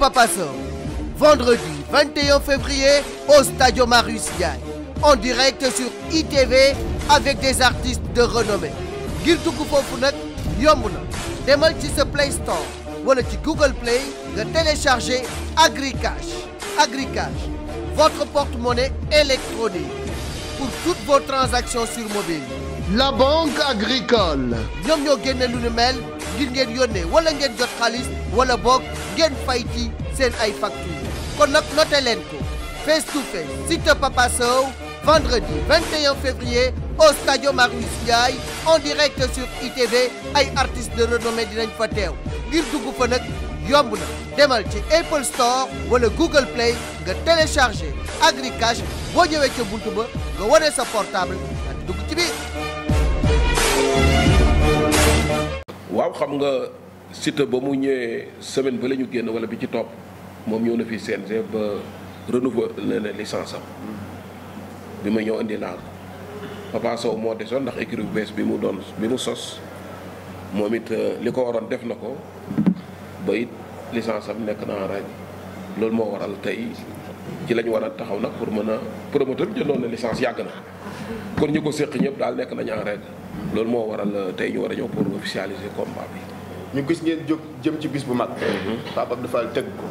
Papa Sow vendredi 21 février au Stade Marius Ndiaye en direct sur ITV avec des artistes de renommée ngir dugg foofu nag yomb na demal ci sa Play wala ci Google Play nga télécharger Agricash Agricash votre porte-monnaie électronique pour toutes vos transactions sur mobile. la banque agricole. ñoom ñoo génne lu ni mel ngir wala ngeen jot xaalis wala boog ngeen fay ci seen ay facture kon nag noté leen ko face to face Siteu Papa Sow vendredi 21 février au stade Marius Ndiaye en direct sur ITV ay artistes de renommée dinañ fa teew ngir dugg fa nag yomb na demal ci Apple Store wala Google Play nga télécharger Agricash boo ñëwee ca buntu ba nga wane sa portable nga dugg ci biir. waaw xam nga Siteu ba mu ñëwee semaine ba lañu génn wala bi ci topp. moom ñëw na fi CNG ba renouveler la licence am bi ma ñëw indi naa ko Sow moo desoon ndax écurie bu bees bi mu doon bi mu sos moom it euh, li ko waroon def na ko ba it licence am nekk na en loolu moo waral tey ci lañ war a taxaw nag pour mën a promoteur bi jëndoon na licence yàgg na kon ñu ko séq ñëpp daal nekk nañ en loolu moo waral euh, tey ñu war a ñëw pour officialiser combat bi ñu gis ngeen jóg jëm ci bis bu mag. Mhm. Pape Abdou Fall tëgg ko.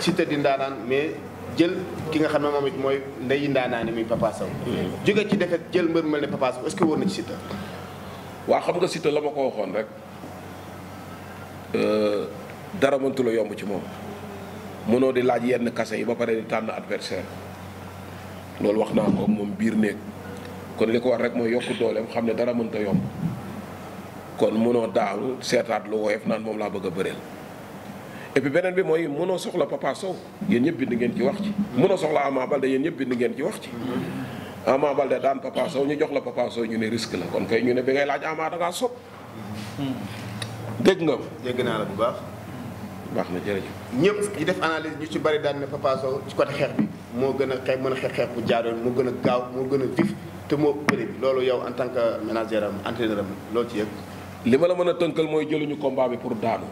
Siteu di ndaanaan mais jël ki nga xam ne moom it mooy ndeyi ndaanaan muy Papa mhm. jóge ci defet jël mbër mel ne Papa Sow est-ce que ci Siteu. waa xam nga Siteu la ma ko waxoon rek euh, dara mëntu yomb ci moom mënoo di laaj yenn kase yi ba pare di tànn adversaire loolu wax naa ko moom biir néeg kon li ko war rek mooy yokk dooleem xam ne dara mënta yomb. kon munoo daaru seetaat lu woyof naan moom laa bëgg a bëreel et puis beneen bi mooy munoo soxla Papa Sow yéen ñëpp bind ngeen ci wax ci. munoo soxla Ama Balde yéen ñëpp bind ngeen ci wax ci. Ama Balde daan Papa ñu jox la Papa ñu ne risque la kon kay ñu ne bi ngay laaj Ama da ngaa sob dégg nga. dégg naa la bu baax. baax na jërëjëf. ñëpp yi def analyse ñu ci bari daan ne Papa ci côté xeex bi moo gën a xeex mën a xeex xeex bu jaar moo gën a gaaw moo gën a vif te moo bëri loolu yow en tant que manager am entraîneur am loo ci yëg. li ma la mën a tënkal mooy jëluñu combat bi pour daanu.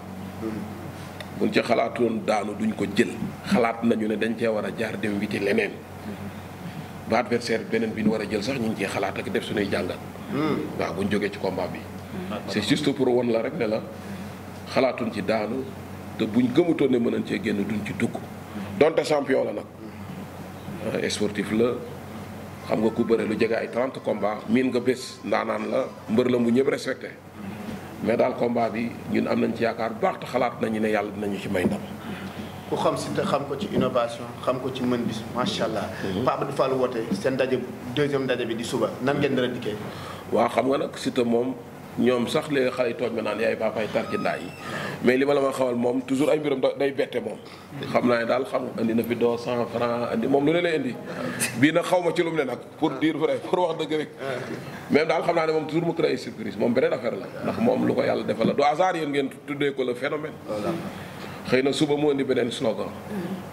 buñ ci xalaatoon daanu duñ ko jël xalaat nañu ne dañ cee war a jaar dem witi leneen ba adversaire beneen bi ñu war a jël sax ñu ngi ciy xalaat ak def suñuy jàngat. Hmm. waaw buñ jógee ci komba bi. c'est juste pour won la rek ne la xalaatuñ ci daanu te buñ gëmutoon ne mën nañ cee génn duñ ci dugg donte champion la nag. Euh, sportif la xam nga ku bëre lu jege ay 30 combat miin nga bés ndaanaan la mbër la mu ñëpp respecté. mais daal combat bi ñun am nañ ci yaakaar bu baax te xalaat nañu ne yàlla dinañu ci may ndam. ku xam si te xam ko ci innovation xam ko ci mën bi macha allah. Mhm. Pape Abdou Fall wootee seen daje deuxième daje bi di suba nan ngeen dara dikkee. waaw xam nga nag si te moom. ñoom sax léegi xale yi tooñ ma naan yaay papaay tarkindaa yi mais li ma la ma xamal moom toujours ay mbiram day bette moom xam naa ne daal xam indi na fi doo cent franc indi moom lu ne lay indi bii nag xaw ma ci lu mu ne nag wax dëgg rek moom lu ko yàlla defal la du hasard yéen ngeen tuddee ko le phénomène xëy na suba mu indi beneen slogan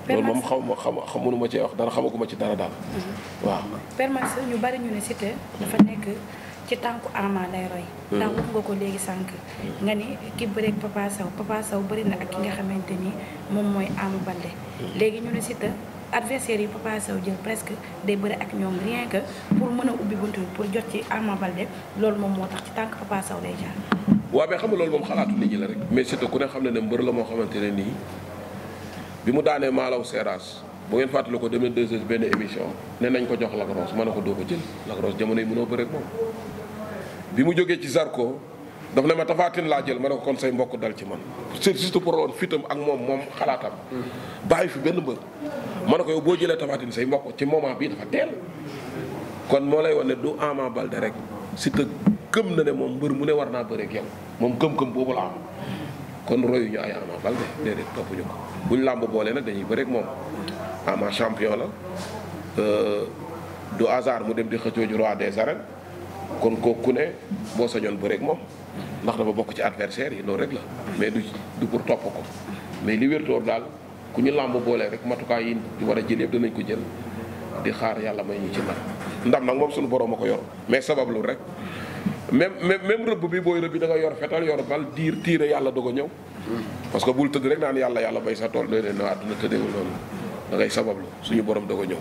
loolu moom xaw ma xama mënu cee wax dara xamaguma ci dara daal mm-hmm. waaw permanence ñu bari ñu ne Siteu dafa nekk ci tànku Ama lay roy. Mm. ndax wax nga ko léegi sànq. Mm. nga ni ki bëreeg Papa Sow Papa Sow bëri na ak ki nga xamante ni moom mooy Ama Baldé mm. léegi ñu ne Siteu adversaire yi Papa Sow jël presque day bëri ak ñoom rien que pour mën a ubbi bunt bi pour jot ci Ama Baldé loolu moom moo tax ci tànk Papa Sow lay waaw mais xam nga loolu moom xalaatu nit ñi la rek. mais Siteu ku ne xam na ne mbër la moo xamante ne nii bi mu daanee Malaw Seras bu ngeen fàttali ko 2002 benn émission ne nañ ko jox Lac Rose mën na ko doo ko jël Lac Rose jamono yi mënoo bëreeg moom. bi mu jógee ci Zarko daf ne ma tafaatin laa jël ma ne ko kon say mbokk dal ci man surtout pour woon fitam ak moom moom xalaatam bàyyi fi benn mbër ma ne ko yow boo jëlee tafaatin say mbokk ci moment bii dafa teel kon moo lay wan ne du Ama Baldé rek Siteu gëm na ne moom mbër mu ne war naa bëreeg yow moom gëm-gëm boobu la am kon royu ñu ay Ama Baldé déedéet topp ñu ko buñ làmb boole nag dañuy bëreeg moom Ama champion la euh, du hasard mu dem di xëccoo des arènes kon kooku ku ne boo sañoon bu rek moom ndax dafa bokk ci adversaire yi loolu rek la mais du du pour topp ko mais li wértoor daal ku ñu làmb boolee rek matukaay yi war a jël yëpp danañ ko jël di xaar yàlla may ñu ci ndam ndam nag moom suñu borom a ko yor mais sabablu rek même même même rëbb bi booy rëbb bi da yor fetal yor bal diir tiire yàlla doog a ñëw parce que bul tëdd rek naan yàlla yàlla bay sa tool dooy leen na àdduna tëddeewul loolu da ngay sabablu suñu borom doog a ñëw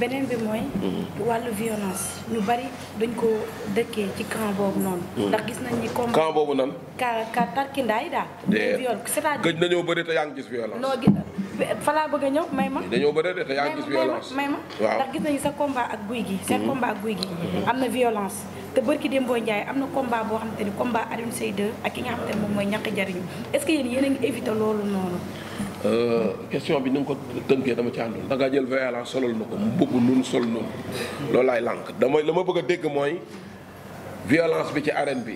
beneen bi mooy. Mhm. wàllu violence ñu bari dañ ko dëkkee ci camp boobu noonu. Mhm. ndax gis nañ ni comme. camp boobu nan. ka ka tarkindaay daal. day viol c'est-à-dire gëj nañoo bëri te yaa ngi gis violence. noo gis fa laa bëgg ñëw may ma. dañoo bëri de te yaa may ma waaw ndax gis nañu sa combat ak guy gi. seen combat ak guy gi mhm. am na violence. te barki Dembo Ndiaye am na combat boo xamante ni combat Alioune Seye 2 ak ki nga xamante ne moom mooy ñàkk jariñu est-ce que yéen yéen a ngi éviter loolu noonu. Euh, question bi ni nga ko tënkee dama ci àndul da ngaa jël VLA solal na ko mu bëgg nun sol nun loolu laay lànk damay la ma bëgg a dégg mooy violence bi ci arène bi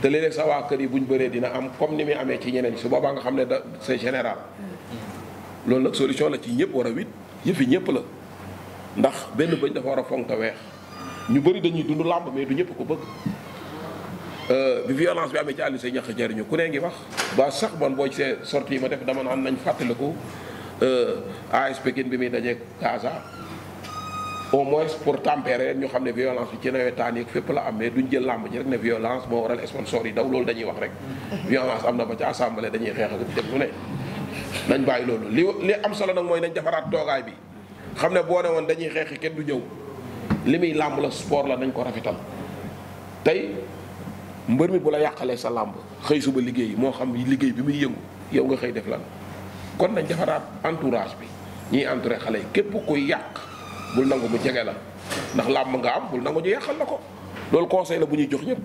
te léeg-léeg sa waa kër yi bu ñu bëree dina am comme ni muy amee ci ñeneen su boobaa nga xam ne da c'est général loolu nag solution la ci ñëpp war a wit yëfi ñëpp la ndax benn bëñ dafa war a fonk weex ñu bëri dañuy dund làmb mais du ñëpp ko bëgg Euh, bi violence bi amee ci àll say ñax jariñu ku ne ngi wax ba sax man boo ci see sortie yi ma def dama naan nañ fàttaliku euh, AS Pikine bi muy dajee Gaza au moins pour tempérer ñu xam ne violence bi ci nawetaan yi fépp la am mais duñ jël làmb ji rek ne violence moo waral sponsor yi daw loolu dañuy wax rek. violence am na ba ci assemblée dañuy xeex ak def lu ne. nañ bàyyi loolu li li am solo nag mooy nañ defaraat toogaay bi xam ne boo ne woon dañuy xeexi kenn du ñëw li muy làmb la sport la nañ ko rafetal mbër mi bu la yàqalee sa làmb xëy suba liggéey moo xam liggéey bi muy yëngu yow nga xëy def lan kon nañ defaraat entourage bi ñiy entouré xale yi képp kuy yàq bul nangu bu jege la ndax làmb nga am bul nangu ñu yàqal la ko loolu conseil bu ñuy jox ñëpp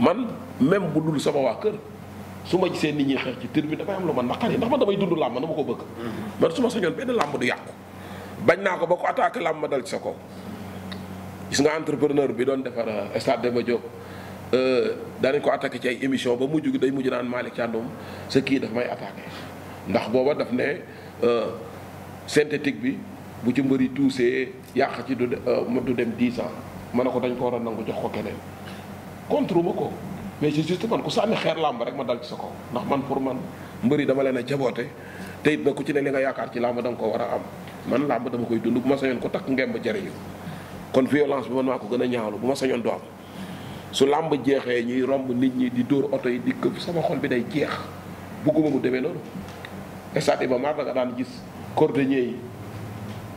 man même bu dul sama waa su ma gisee nit ñi xeex ci tur bi dafay am lu ma naqari ndax man damay dund làmb dama ko bëgg man su ma sañoon benn làmb du yàqu bañ naa ko ba ko làmb dal ci sa kaw gis nga entrepreneur bi doon defar euh, stade Demba Diop Euh, daanañ ko attaqué ci ay émission ba mujj gi day mujj naan Malick Thiandoum sa kii daf may attaqué ndax booba daf ne euh, synthétique bi bu ci mbëri tuusee yàq ci du euh, du dem 10 ans ma ne ko dañ ko war a nangu jox ko keneen contre ma ko mais c'est juste man ku sànni xeer làmb rek ma dal ci sa kaw ndax man pour man mbëri dama leen a jaboote te it nag ku ci ne li nga yaakaar ci làmb da nga ko war a am man làmb dama koy dund bu ma sañoon ko takk ngemb jëriñu kon violence bi man maa ko gën a bu ma sañoon do su làmb jeexee ñuy romb nit ñi di dóor oto yi di këpp sama xol bi day jeex bëgguma mu demee noonu stade Iba Mar da nga daan gis cordonnier yi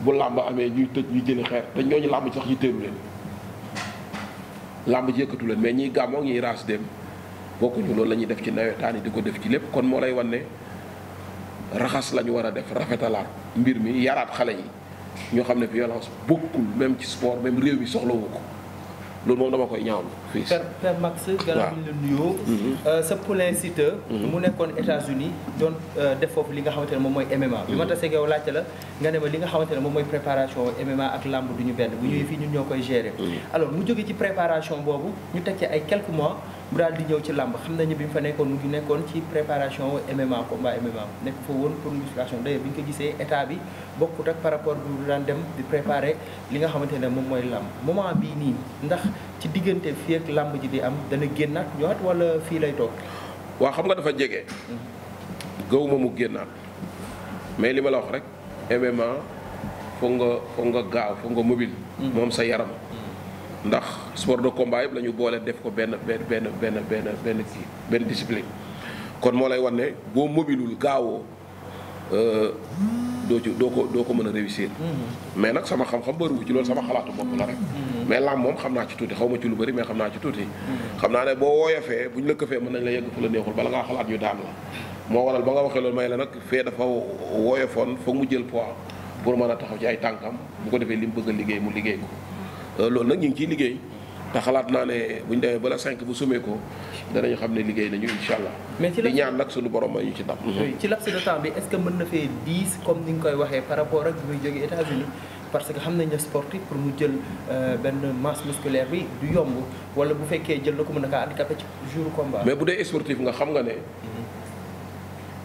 bu làmb amee ñuy tëj ñuy jëli xeer te ñooñu làmb sax ñu teelu leen làmb jëkkatu leen mais ñiy gàmmoo ñiy raas dem bokkuñu loolu la ñuy def ci nawetaan yi di ko def ci lépp kon moo lay wan raxas la ñu war a def rafetalaat mbir mi yaraat xale yi ñoo xam ne violence bokkul même ci sport même réew mi soxlawu ko loolu moom dama koy ñaawlu Perpix Permax garab bu ñu la nuyoo. Mm-hmm. Euh, sa poulain Siteu. Mm-hmm. mu nekkoon États-Unis doon euh, def foofu li nga xamante ne moom mooy MMA. bi ma mm-hmm. tasee yow laajte la nga ne ma li nga xamante ne moom mooy préparation MMA ak làmb du benn bu ñëwee fii ñun ñoo koy gérer. alors mu jóge ci préparation boobu ñu teg ci ay quelques mois. mu daal di ñëw ci làmb xam nañu bi mu fa nekkoon mu ngi nekkoon ci préparation MMA combat MMA nekk fa woon pour musculation d'ailleurs bi ñu ko gisee état bi bokkut ak par rapport bi mu daan dem di préparer li nga xamante ne moom mooy làmb moment bii nii ndax ci diggante fii ak làmb ji di am dana génnaat ñëwaat wala fii lay toog. waa xam nga dafa jege. gaw ma mu génnaat mais li ma la wax rek MMA foog nga foog nga gaaw foog nga mobile. Hmm. moom sa yaram. ndax sport de combat yëpp la ñu boole def ko benn benn benn benn benn benn kii benn discipline kon moo lay wan ne boo mobilul gaawoo euh, doo ci doo ko doo ko mën a réussir. Mm-hmm. mais nag sama xam-xam bëriwu ci loolu sama xalaatu bopp la rek. Mm-hmm. mais làmb moom xam naa ci tuuti xaw ma ci lu bëri mais xam naa ci tuuti. Mm-hmm. xam naa ne boo wooyofee bu ñu la këfee mën nañ la yegg fu la neexul bala ngaa xalaat ñu daan la moo waral ba nga waxee loolu may la nag fee dafa wooyofoon foog mu jël poids pour mën a taxaw ci tànkam bu ko defee li mu bëgg a liggéey mu liggéey Euh, loolu nag ñu ngi ciy liggéey te xalaat naa ne bu ñu demee bala cinq bu sumee ko danañu xam ne liggéey nañu incha allah. mais ci la di ñaan nag suñu borom ma ñu ci ndam. ci laps de temps bi est-ce que mën na fee diis comme ni nga koy waxee par rapport ak bi muy jógee États-Unis parce que xam nañ ne sportif pour mu jël euh, benn masse musculaire bi du yomb wala bu fekkee jël na ko mën na kaa handicapé ci jour combat. mais bu dee sportif nga xam nga ne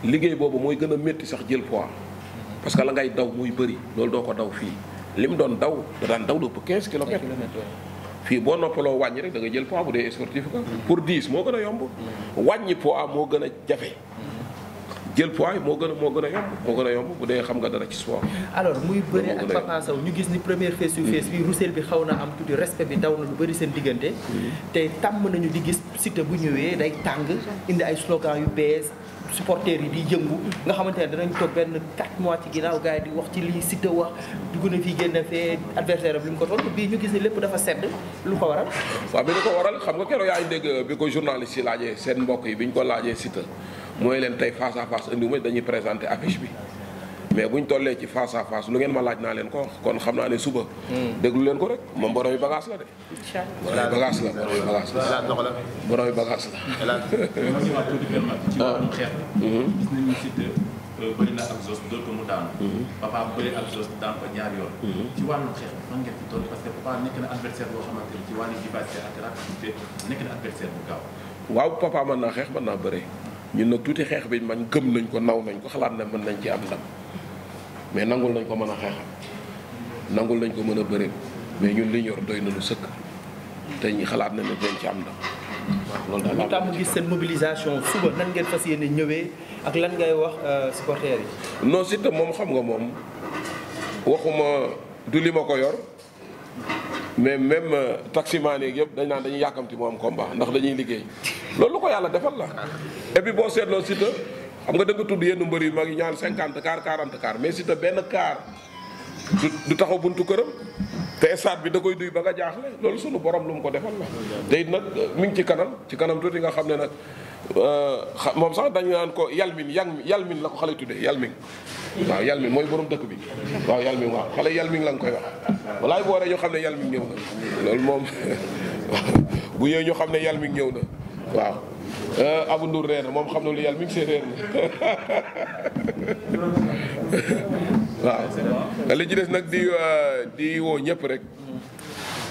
liggéey boobu mooy gën a métti sax jël pois mm-hmm. parce que la ngay daw muy bëri loolu doo ko daw fii. li mu doon daw da daan daw lu ëpp 15 kilomètres. fii boo noppaloo wàññi rek da nga jël poids bu dee sportif ko mm-hmm. pour 10 moo gën a yomb. wàññi poids moo gën a jafe. Mm-hmm. jël poids moo gën a moo gën a yomb moo gën a yomb bu dee xam nga dara ci sport. alors muy bëri ak Papa ñu gis ni première face to face bi mm-hmm. Roussel bi xaw na am tuuti respect bi daw na lu bëri seen diggante. tey tàmm nañu di gis Siteu bu ñëwee day tàng indi ay slogan yu bees. supporters yi di jëngu nga xamante ne danañ toog benn 4 mois ci ginnaaw gars yi di wax ci lii Siteu wax dugg na fii génn fee adversaire am li ko toll bii ñu gis ni lépp dafa sedd lu ko waral. waaw bi ñu ko waral xam nga keroog yaa ngi bi ko journaliste yi laajee seen mbokk yi bi ñu ko laajee Siteu mooy leen tey face à face indiwuma dañuy présenté affiche bi. mais bu ñu tollee ci face à lu ngeen ma laaj naa leen ko kon xam naa ne suba. déglu leen ko rek moom borom yi bagage la de. incha allah borom yi bagage la borom yi bagage la. borom yi bagage la. ma ñëwaat tuuti vraiment xeex bi. Mhm. gis nañu Siteu euh, bëri na ak Zoss dóor ko mu daanu. Mhm. Papa bëri ak Zoss daan ko ñaar yoon. Mhm. ci wàllum xeex bi fan ngeen fi toll parce que Papa nekk na adversaire boo xamante ni ci wàllu vivacité ak rapidité nekk na adversaire bu gaaw. waaw Papa mën naa xeex mën naa bëre ñun nag tuuti xeex bi man gëm nañ ko naw nañ ko xalaat na mën nañ ci am ndam mais nangul lañ ko mën a xeexal nangul lañ ko mën a bëri mais ñun li ñu yor doy na sëkk te ñu xalaat na ne dañ ci am na loolu daal ñu tàmm seen mobilisation suba nan ngeen fas yéene ñëwee ak lan ngay wax euh, supporters yi. non Siteu moom xam nga moom waxuma du li ma ko yor mais même euh, taximaan yeeg yëpp dañ naan dañuy yàkkamti mu am combat ndax dañuy liggéey loolu lu ko yàlla defal la et boo seetloo Siteu xam nga da nga tudd yenn mbër yu mag yi ñaan cinquante kaar quarante car mais si te benn kaar du taxaw buntu këram te stade bi da koy duy ba nga jaaxle loolu sunu borom lu mu ko defal la. te it nag euh, mi ngi ci kanam ci kanam tuuti nga xam ne nag euh, moom sax dañu naan ko yalmin yalmin la ko xale tuddee yalmin waaw yalmin mooy borom dëkk bi waaw yalmin waaw xale yalmin la nga koy wax. walaay booree ñu xam ne yalmin ñëw na loolu moom bu ñëwee ñu xam ne yalmin ñëw na. waaw euh, Abou Ndour réer moom xam na lu yàlla mi ngi see réer la waaw li ci des nag di euh, di woo ñëpp rek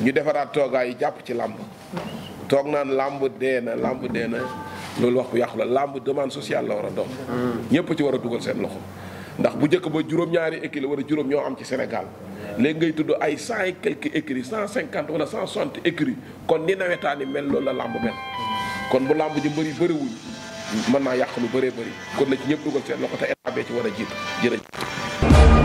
ñu defaraat toogaay yi jàpp ci làmb toog naan làmb dee na làmb dee na loolu wax bu yàqu la làmb demande sociale la war a doon mm. ñëpp ci war a dugal seen loxo ndax bu njëkk ba juróom-ñaari écuries wala juróom ñoo am ci Sénégal léegi ngay tudd ay cent et quelques écuries cent cinquante wala cent soixante écuries kon ni nawetaan yi mel loolu la làmb mel kon bu làmb ji mbëri bëriwuñ mën naa yàq lu bëree bari kon na ci ñëpp dugal seen loxo te état ci war a jiitu jërëjëf